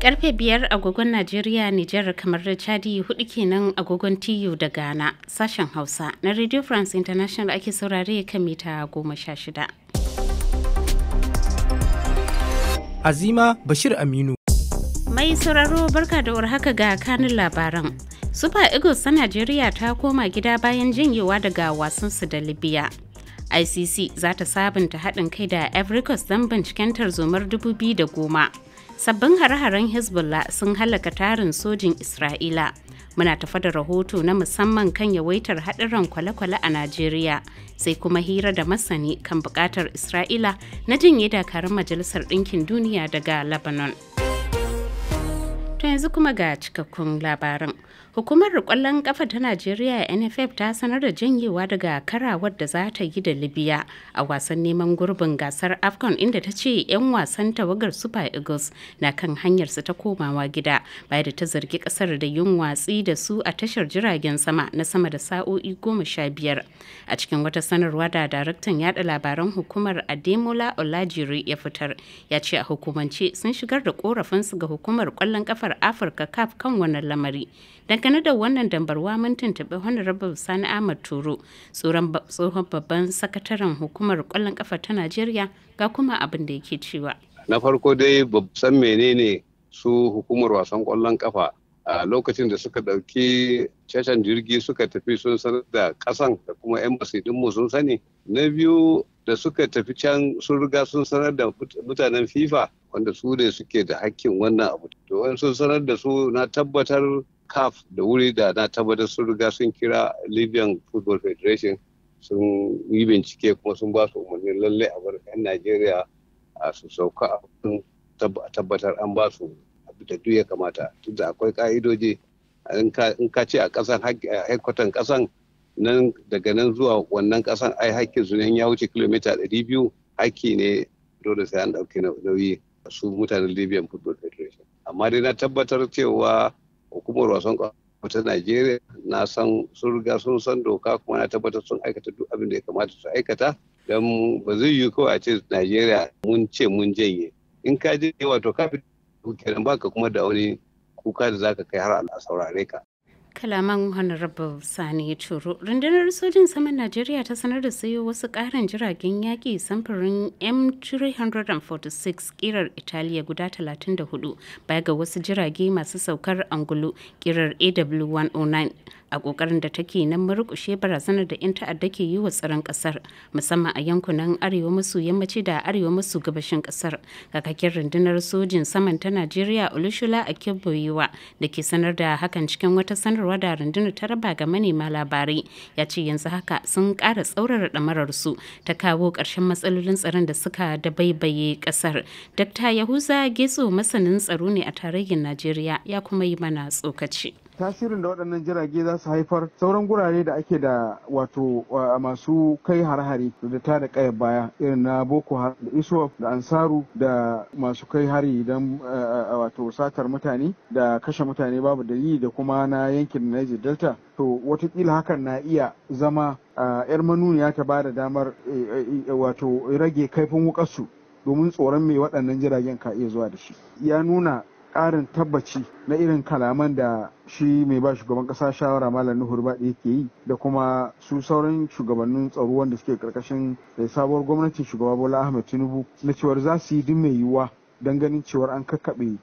Karfe biyar agogon Najeriya, Nijar kamar da Chadi hudu kenan agogon tiyo da Ghana, sashen Hausa na Radio France International ake saurare kan mita goma sha shida. Azima Bashir Aminu. Mai sauraro barka da haka ga kanin labaran. Super Eagles ta Najeriya ta koma gida bayan janyewa daga wasansu da Libya. ICC za ta sabunta haɗin kai da Coast don binciken tarzomar 2010. Sabbin hare-haren Hezbollah sun halaka tarin sojin Isra'ila. Muna tafa da rahoto na musamman kan yawaitar haɗiran kwale-kwale a Najeriya, sai kuma hira da masani kan buƙatar Isra'ila na jinye dakarun Majalisar Ɗinkin Duniya daga Lebanon. To yanzu kuma ga cikakkun labarin. Hukumar kwallon kafa ta Najeriya NFF ta sanar da janyewa daga karawar da za ta yi da Libya a wasan neman gurbin gasar Afcon inda ta ce 'yan wasan tawagar Super Eagles na kan hanyar su ta komawa gida bayan da ta zargi kasar da yin watsi da su a tashar jiragen sama na sama da sa'o'i goma sha biyar. A cikin wata sanarwa da daraktan yada labaran hukumar Ademola Olajiri ya fitar ya ce a hukumance sun shigar da korafinsu ga hukumar kwallon kafar Afirka CAF kan wannan lamari. Dangane da wannan dambarwa mun tuntuɓi Honorable Sani Ahmad Turo, tsohon babban sakataren hukumar kwallon kafa ta Najeriya ga kuma abin da yake cewa. Na farko dai san menene su hukumar wasan kwallon kafa a lokacin da suka ɗauki cashen jirgi suka tafi sun sanar da kasan da kuma 'yan dinmu sun sani na biyu da suka tafi can sun riga sun sanar da mutanen fifa wanda su ne suke da hakkin wannan abu to sun sanar da su na tabbatar caf da wuri da na tabbatar sun riga sun kira libyan football federation sun yi bincike kuma sun ba su umarni lalle a bar 'yan najeriya su sauka a tabbatar an ba su da duk ya kamata tunda akwai ka'idoji in ka ce a kasan haikwatan kasan nan daga nan zuwa wannan kasan ai haƙƙin su ya wuce kilomita 200 haƙƙi ne dole sai an ɗauki nauyi su mutanen libyan football federation amma dai na tabbatar cewa hukumar wasan kwafa ta Najeriya na san sun riga sun san doka kuma na tabbatar sun aikata duk abin da ya kamata su aikata don ba zai yi kawai a ce Najeriya mun ce mun janye in ka je wato kafin fi kenan baka kuma da wani kuka da zaka kai har a saurare ka kalaman honorable sani ciro rundunar sojin saman najeriya ta sanar da sayo wasu karin jiragen yaƙi samfurin m346 kirar italiya guda 34 baya ga wasu jirage masu saukar angulu kirar aw109 a ƙoƙarin da take nan murƙushe barazanar da 'yan ta'adda ke yi wa tsaron ƙasar musamman a yankunan arewa maso yammaci da arewa maso gabashin ƙasar kakakin rundunar sojin saman ta najeriya olushula akeboyiwa da ke sanar da hakan cikin wata sanar sanarwa da rundunar ta raba ga manema labarai ya ce yanzu haka sun ƙara tsaurara ɗamararsu ta kawo ƙarshen matsalolin tsaron da suka dabaibaye ƙasar. Dr. Yahuza Getso masanin tsaro ne a tarayyar Najeriya ya kuma yi mana tsokaci. tasirin da waɗannan jirage za su haifar sauran gurare da ake da wato masu kai har hari da ta da ƙayar baya irin na boko har da iso da ansaru da masu kai hari don wato satar mutane da kashe mutane babu dalili da kuma na yankin niger delta to watakila hakan na iya zama yar manuniya ta bada damar e, e, e, wato rage kaifin wukarsu domin tsoron mai waɗannan jiragen ka iya zuwa da shi ya nuna ƙarin tabbaci na irin kalaman da shi mai ba shugaban ƙasa shawara malam nuhu baɗi yake yi da kuma su sauran shugabannin tsaro wanda suke karkashin sabuwar gwamnatin shugaba bola ahmed tinubu na cewar za su yi duk mai yiwuwa don ganin cewar an kakkaɓe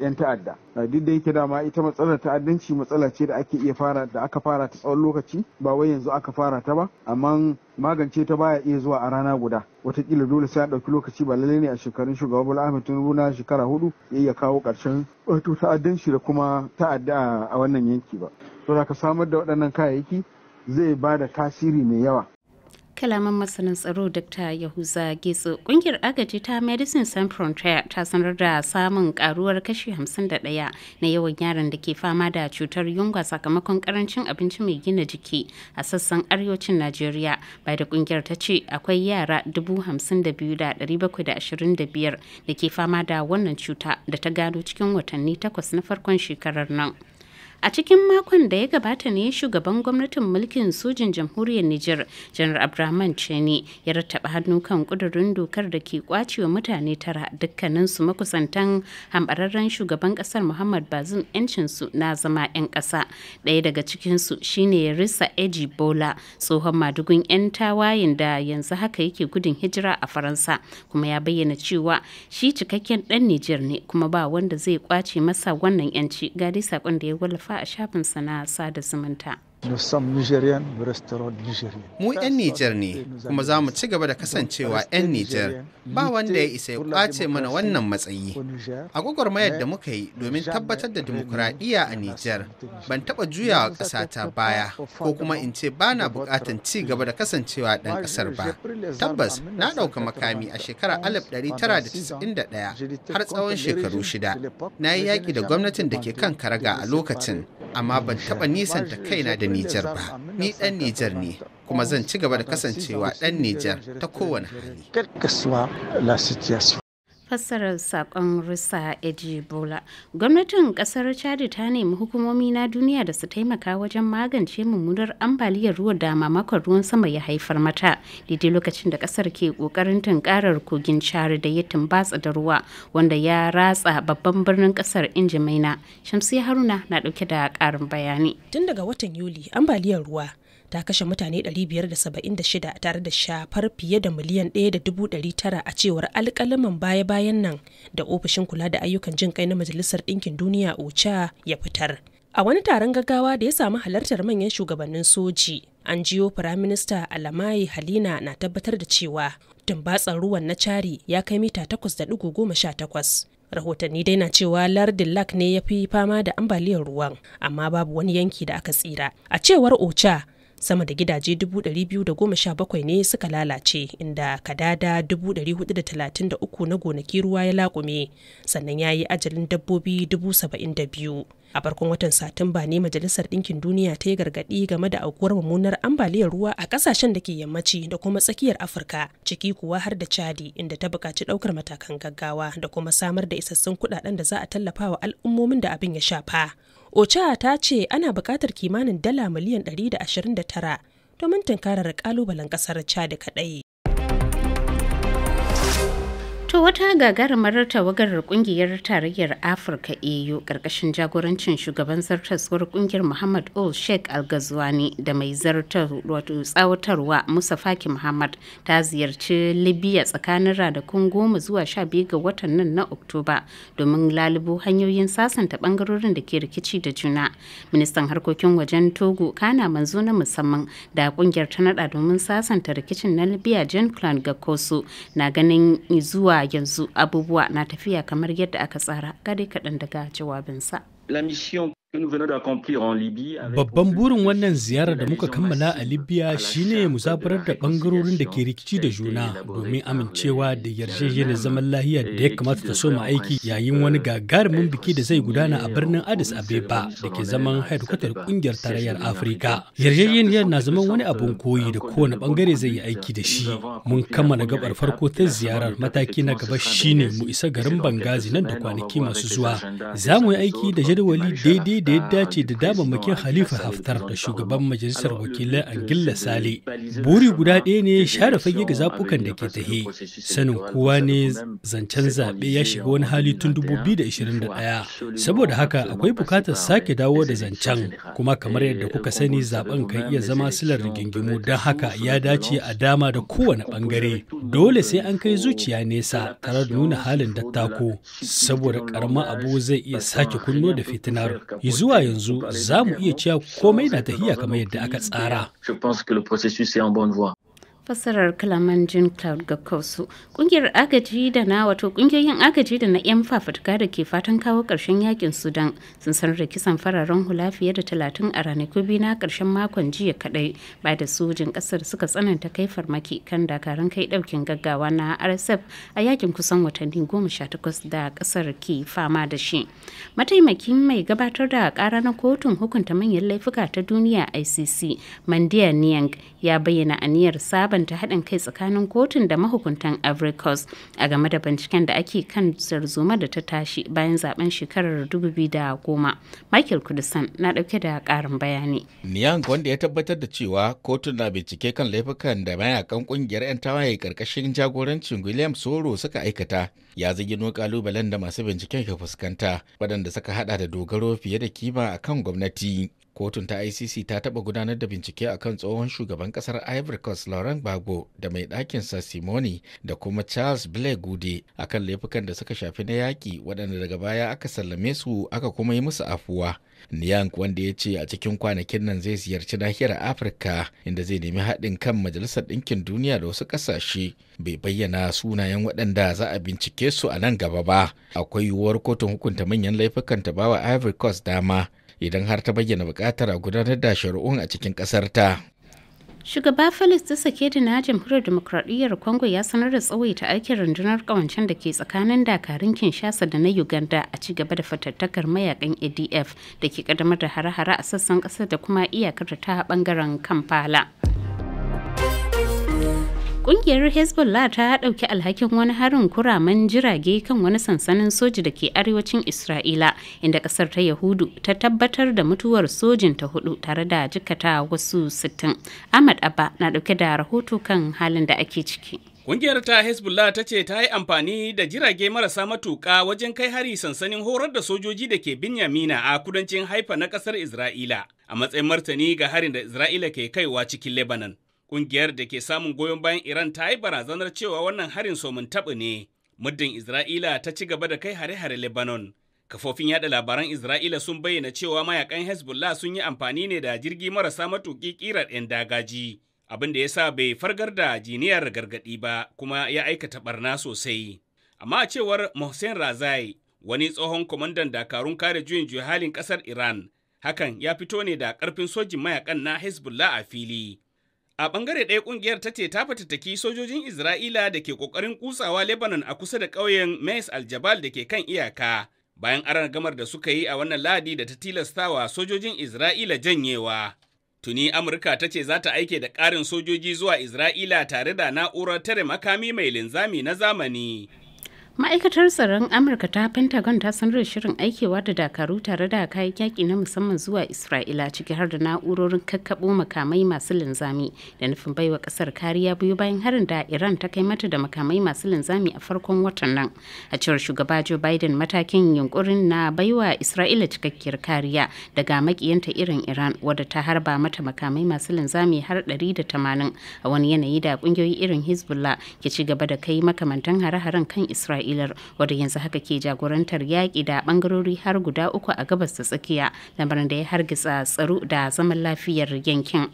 'yan ta'adda duk da yake dama ita matsalar ta'addanci matsala ce da ake iya fara da aka fara ta tsawon lokaci ba wai yanzu aka fara ta ba amma magance ta baya iya zuwa a rana guda watakila dole sai a ɗauki lokaci ba lalle ne a shekarun shugaba bola ahmed tinubu na shekara hudu ya iya kawo ƙarshen wato ta'addanci da kuma ta'adda a wannan yanki ba saboda ka samar da waɗannan kayayyaki zai ba da tasiri mai yawa kalaman masanin tsaro dr yahuza getso kungiyar agaji ta medicine sans frontier ta sanar da samun karuwar kashi 51 na yawan yaran da ke fama da cutar yunwa sakamakon karancin abinci mai gina jiki a sassan arewacin najeriya bai da kungiyar ta ce akwai yara 52,725 da ke fama da wannan cuta da ta gano cikin watanni takwas na farkon shekarar nan A cikin makon da ya gabata ne shugaban gwamnatin mulkin sojin jamhuriyar Nijar, Janar Abdurrahman Chani, ya rattaba hannu kan kudurin dokar da ke kwacewa mutane tara dukkanin su makusantan hambararren shugaban kasar Muhammad Bazum yancin su na zama 'yan ƙasa. daya daga cikin su shine Risa Eji Bola, tsohon madugun 'yan tawayen da yanzu haka yake gudun hijira a Faransa, kuma ya bayyana cewa shi cikakken ɗan Nijar ne kuma ba wanda zai kwace masa wannan 'yanci. Gadi saƙon da ya wallafa wallafa a shafinsa na sada zumunta. Mu 'yan Nijar ne, kuma za mu ci gaba da kasancewa 'yan Nijar ba wanda ya isa ya ƙwace mana wannan matsayi. A mayar da muka yi domin tabbatar da dimokuraɗiyya a Nijar, ban taɓa juyawa ƙasata baya ko kuma in ce ba na buƙatan ci gaba da kasancewa ɗan ƙasar ba. Tabbas, na ɗauka makami a shekarar 1991 har tsawon shekaru shida. Na yi yaƙi da gwamnatin da ke kan karaga a lokacin, amma ban taɓa nisanta kaina da Nijar ba. Ni ɗan Nijar ne, kuma zan ci gaba da kasancewa ɗan Nijar ta kowane hali. fassarar sakon rusa ejibola gwamnatin kasar chad ta nemi hukumomi na duniya da su taimaka wajen magance mummunar ambaliyar ruwa da mamakon ruwan sama ya haifar mata daidai lokacin da kasar ke kokarin tunkarar kogin chari da ya tumbatsa da ruwa wanda ya ratsa babban birnin kasar injimaina shamsiya haruna na dauke da karin bayani tun daga watan yuli ambaliyar ruwa ta kashe mutane 576 tare da shafar fiye da miliyan 1.9 a cewar alkalaman baya-bayan nan da ofishin kula da ayyukan jin kai na majalisar ɗinkin duniya ocha ya fitar a wani taron gaggawa da ya samu halartar manyan shugabannin soji an jiyo firaminista Alamai halina na tabbatar da cewa tumbatsan ruwan na cari ya kai mita 8.18 rahotanni dai na cewa lardin lak ne ya fi fama da ambaliyar ruwan amma babu wani yanki da aka tsira a cewar ocha sama da gidaje 217 ne suka lalace inda kadada 433 na gonaki ruwa ya lakume sannan ya yi ajalin dabbobi 72 a farkon watan satumba ne majalisar ɗinkin duniya ta yi gargaɗi game da aukuwar mummunar ambaliyar ruwa a ƙasashen da ke yammaci da kuma tsakiyar afirka ciki kuwa har da chadi inda ta buƙaci ɗaukar matakan gaggawa da kuma samar da isassun kuɗaɗen da za a tallafa wa al'ummomin da abin ya shafa ocha ta ce ana buƙatar kimanin dala miliyan 129 domin tunkarar ƙalubalen ƙasar chad kaɗai To wata gagarumar tawagar kungiyar tarayyar Afirka EU karkashin jagorancin shugaban zartaswar kungiyar Muhammad Ul Sheikh Al da mai zartar wato tsawatarwa Musa Faki Muhammad ta ziyarci Libya tsakanin ranakun goma zuwa sha ga watan nan na Oktoba domin lalubo hanyoyin sasanta bangarorin da ke rikici da juna. Ministan harkokin wajen Togo kana manzo na musamman da kungiyar ta nada domin sasanta rikicin na Libya Jean Claude Gakoso na ganin zuwa yanzu abubuwa na tafiya kamar yadda aka tsara gare kaɗan kaɗan daga jawabinsa. La mission Babban burin wannan ziyarar da muka kammala a Libya shine musafirar da bangarorin da ke rikici da juna domin amincewa da yarjejeniyar zaman lahiya da ya kamata ta soma aiki yayin wani gagarumin biki da zai gudana a birnin Addis Abeba da ke zaman haidukatar kungiyar tarayyar Afirka. Yarjejeniyar na zaman wani abin koyi da kowane bangare zai yi aiki da shi. Mun kammala gabar farko ta ziyarar mataki na gaba shine mu isa garin Bangazi nan da kwanaki masu zuwa. Za mu yi aiki da jadawali daidai mataki da ya dace da damammakin Halifa Haftar da shugaban majalisar wakilai Angilla Sale. Buri guda ɗaya ne share fage ga zaɓukan da ke tahe. Sanin kowa ne zancen zaɓe ya shiga wani hali tun 2021. Saboda haka akwai bukatar sake dawo da zancen kuma kamar yadda eh, kuka sani zaɓen kan iya zama silar rigingimu don haka ya dace a dama da kowane bangare. Dole sai an kai zuciya nesa tare da nuna halin dattako saboda karama abu zai iya sake kunno da fitinar zuwa yanzu za mu iya cewa komai na tafiya kamar yadda aka tsara. fasarar kalaman jin cloud ga kausu kungiyar agaji da na wato kungiyoyin agaji da na yan fafutuka da ke fatan kawo karshen yakin sudan sun sanar da kisan fararen hula fiye da talatin a ranaku biyu na karshen makon jiya kadai ba da sojin kasar suka tsananta kai farmaki kan dakarun kai daukin gaggawa na rsf a yakin kusan watanni goma sha takwas da kasar ke fama da shi mataimakin mai gabatar da kara na kotun hukunta manyan laifuka ta duniya icc mandiya niyang ya bayyana aniyar sabon bambanta haɗin kai tsakanin kotun da mahukuntan Ivory Coast a game da binciken da ake kan zarzuma da ta tashi bayan zaben shekarar 2010. Michael kudusan na ɗauke da ƙarin bayani. Niang wanda ya tabbatar da cewa kotun na bincike kan laifukan da mayakan ƙungiyar 'yan tawaye ƙarƙashin jagorancin William Soro suka aikata ya zagino ƙalubalen da masu binciken ke fuskanta waɗanda suka haɗa da dogaro fiye da kima akan gwamnati. kotun ta icc ta taba gudanar da bincike akan tsohon shugaban kasar ivory coast laurent gbagbo da mai ɗakin sa simoni da kuma charles blake gude akan laifukan da suka shafi na yaƙi waɗanda daga baya aka sallame su aka kuma yi musu afuwa niyank wanda ya ce a cikin kwanakin nan zai ziyarci nahiyar afirka inda zai nemi haɗin kan majalisar ɗinkin duniya da wasu ƙasashe bai bayyana sunayen waɗanda za a bincike su a nan gaba ba akwai yiwuwar kotun hukunta manyan laifukan ta bawa ivory coast dama idan har ta bayyana bukatar a gudanar da shari'un a cikin ƙasarta. ta. Shugaba Felix Tshisekedi na Jamhuriyar Demokradiyyar Congo ya sanar da tsawaita aikin rundunar kawancen da ke tsakanin dakarun Kinshasa da na Uganda a ci gaba da fatattakar mayakan ADF da ke kaddamar da hare-hare a sassan kasar da kuma iyakar da ta bangaren Kampala. Kungiyar Hezbollah ta ɗauki alhakin wani harin kuraman jirage kan wani sansanin soji da ke arewacin Isra'ila, inda ƙasar ta Yahudu ta tabbatar da mutuwar sojin ta hudu tare da jikata wasu sittin. Ahmad Abba na ɗauke da rahoto kan halin da ake ciki. Ƙungiyar ta Hezbollah ta ce ta yi amfani da jirage marasa matuka wajen kai hari sansanin horar da sojoji da ke Binyamina a kudancin Haifa na kasar Isra'ila a matsayin martani ga harin da Isra'ila ke kaiwa cikin Lebanon. Ƙungiyar da ke samun goyon bayan Iran ta yi barazanar cewa wannan harin somin taɓi ne, muddin Isra'ila ta ci gaba da kai hare-hare Lebanon. Kafofin yada labaran Isra'ila sun bayyana cewa mayakan Hezbollah sun yi amfani ne da jirgi marasa matuƙi ƙirar 'yan dagaji, abin da ya sa bai fargar da jiniyar gargaɗi ba kuma ya aikata barna sosai. Amma a cewar Mohsen Razai, wani tsohon kwamandan dakarun kare juyin halin ƙasar Iran, hakan ya fito ne da ƙarfin sojin mayakan na Hezbollah a fili. A bangare ɗaya ƙungiyar ta ce ta fatattaki sojojin Isra'ila da ke ƙoƙarin kutsawa Lebanon a kusa da ƙauyen Mais Aljabal da ke kan iyaka. Bayan aran gamar da suka yi a wannan ladi da ta tilastawa sojojin Isra'ila janyewa. Tuni Amurka ta ce za ta aike da ƙarin sojoji zuwa Isra'ila tare da na'urar tare makami mai linzami na zamani. ma'aikatar tsaron amurka ta pentagon ta sanar da shirin aikewa da dakaru tare da kayan yaki na musamman zuwa isra'ila ciki har da na'urorin kakkaɓo makamai masu linzami da nufin baiwa ƙasar kariya biyu bayan harin da iran ta kai mata da makamai masu linzami a farkon watan nan a cewar shugaba joe biden matakin yunkurin na baiwa isra'ila cikakkiyar kariya daga makiyanta irin iran wadda ta harba mata makamai masu linzami har 180 a wani yanayi da ƙungiyoyi irin hezbollah ke ci gaba da kai makamantan hare-haren kan isra'ila Isra'ilar wadda yanzu haka ke jagorantar yaƙi da ɓangarori har guda uku a gabas ta tsakiya lamarin da ya hargitsa tsaro da zaman lafiyar yankin.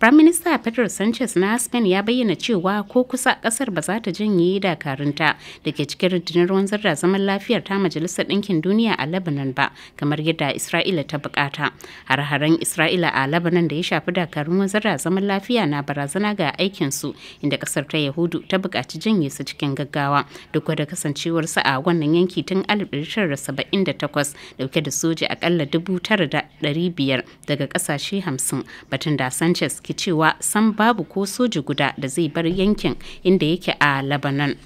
Prime Minister Pedro Sanchez na Spain ya bayyana cewa ko kusa ƙasar ba za ta janye dakarunta da ke cikin rundunar wanzar da zaman lafiyar ta Majalisar Ɗinkin Duniya a Lebanon ba kamar yadda Isra'ila ta bukata. Har-haren Isra'ila a Lebanon da ya shafi dakarun wanzar da zaman lafiya na barazana ga aikinsu inda ƙasar ta Yahudu ta buƙaci janye su cikin gaggawa duk da kasance sa a wannan yanki tun 1978 dauke da soja akalla 9,500 daga kasashe 50 batun da sanchez ke cewa san babu ko soja guda da zai bar yankin inda yake a lebanon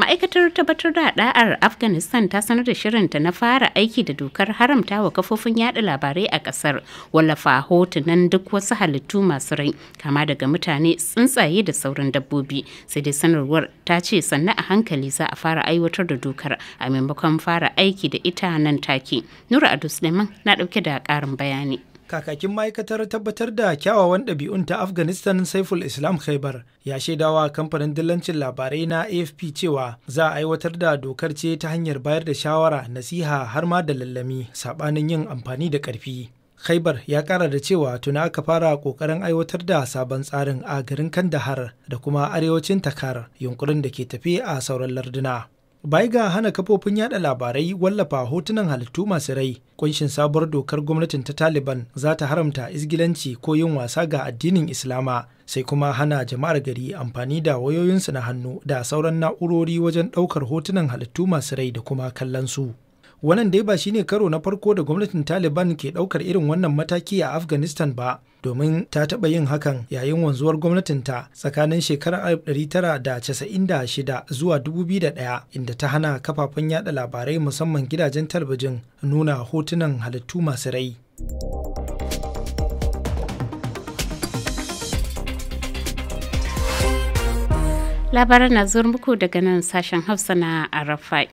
ma'aikatar tabbatar da da'ar afghanistan ta sanar da shirinta na fara aiki da dokar haramta wa kafofin yada labarai a kasar wallafa hotunan duk wasu halittu masu rai kama daga mutane tsuntsaye da sauran dabbobi sai dai sanarwar ta ce sannan a hankali za a fara aiwatar da dokar a maimakon fara aiki da ita nan take nura ado na dauke da karin bayani kakakin ma'aikatar tabbatar da kyawawan ɗabi'un ta afghanistan saiful islam khaibar ya shaidawa kamfanin dillancin labarai na afp cewa za a aiwatar da dokar ce ta hanyar bayar da shawara nasiha har ma da lallami saɓanin yin amfani da ƙarfi khaibar ya ƙara da cewa tuna aka fara ƙoƙarin aiwatar da sabon tsarin a garin kandahar da kuma arewacin takar yunkurin da ke tafi a sauran larduna Bai ga hana kafofin yada labarai wallafa hotunan halittu masu rai, kunshin sabuwar dokar gwamnatin ta Taliban za ta haramta isgilanci ko yin wasa ga addinin Islama, sai kuma hana jama'ar gari amfani da wayoyinsu na hannu da sauran na'urori wajen ɗaukar hotunan halittu masu rai da kuma kallon su. Wannan dai ba shine karo na farko da gwamnatin Taliban ke daukar irin wannan mataki a Afghanistan ba, domin ta taba yin hakan yayin wanzuwar gwamnatinta tsakanin shekarar 1996 zuwa 2001 inda ta hana kafafen yada labarai musamman gidajen talabijin nuna hotunan halittu masu rai. Labaran na zuwa muku daga nan sashen hafsana na Arafai.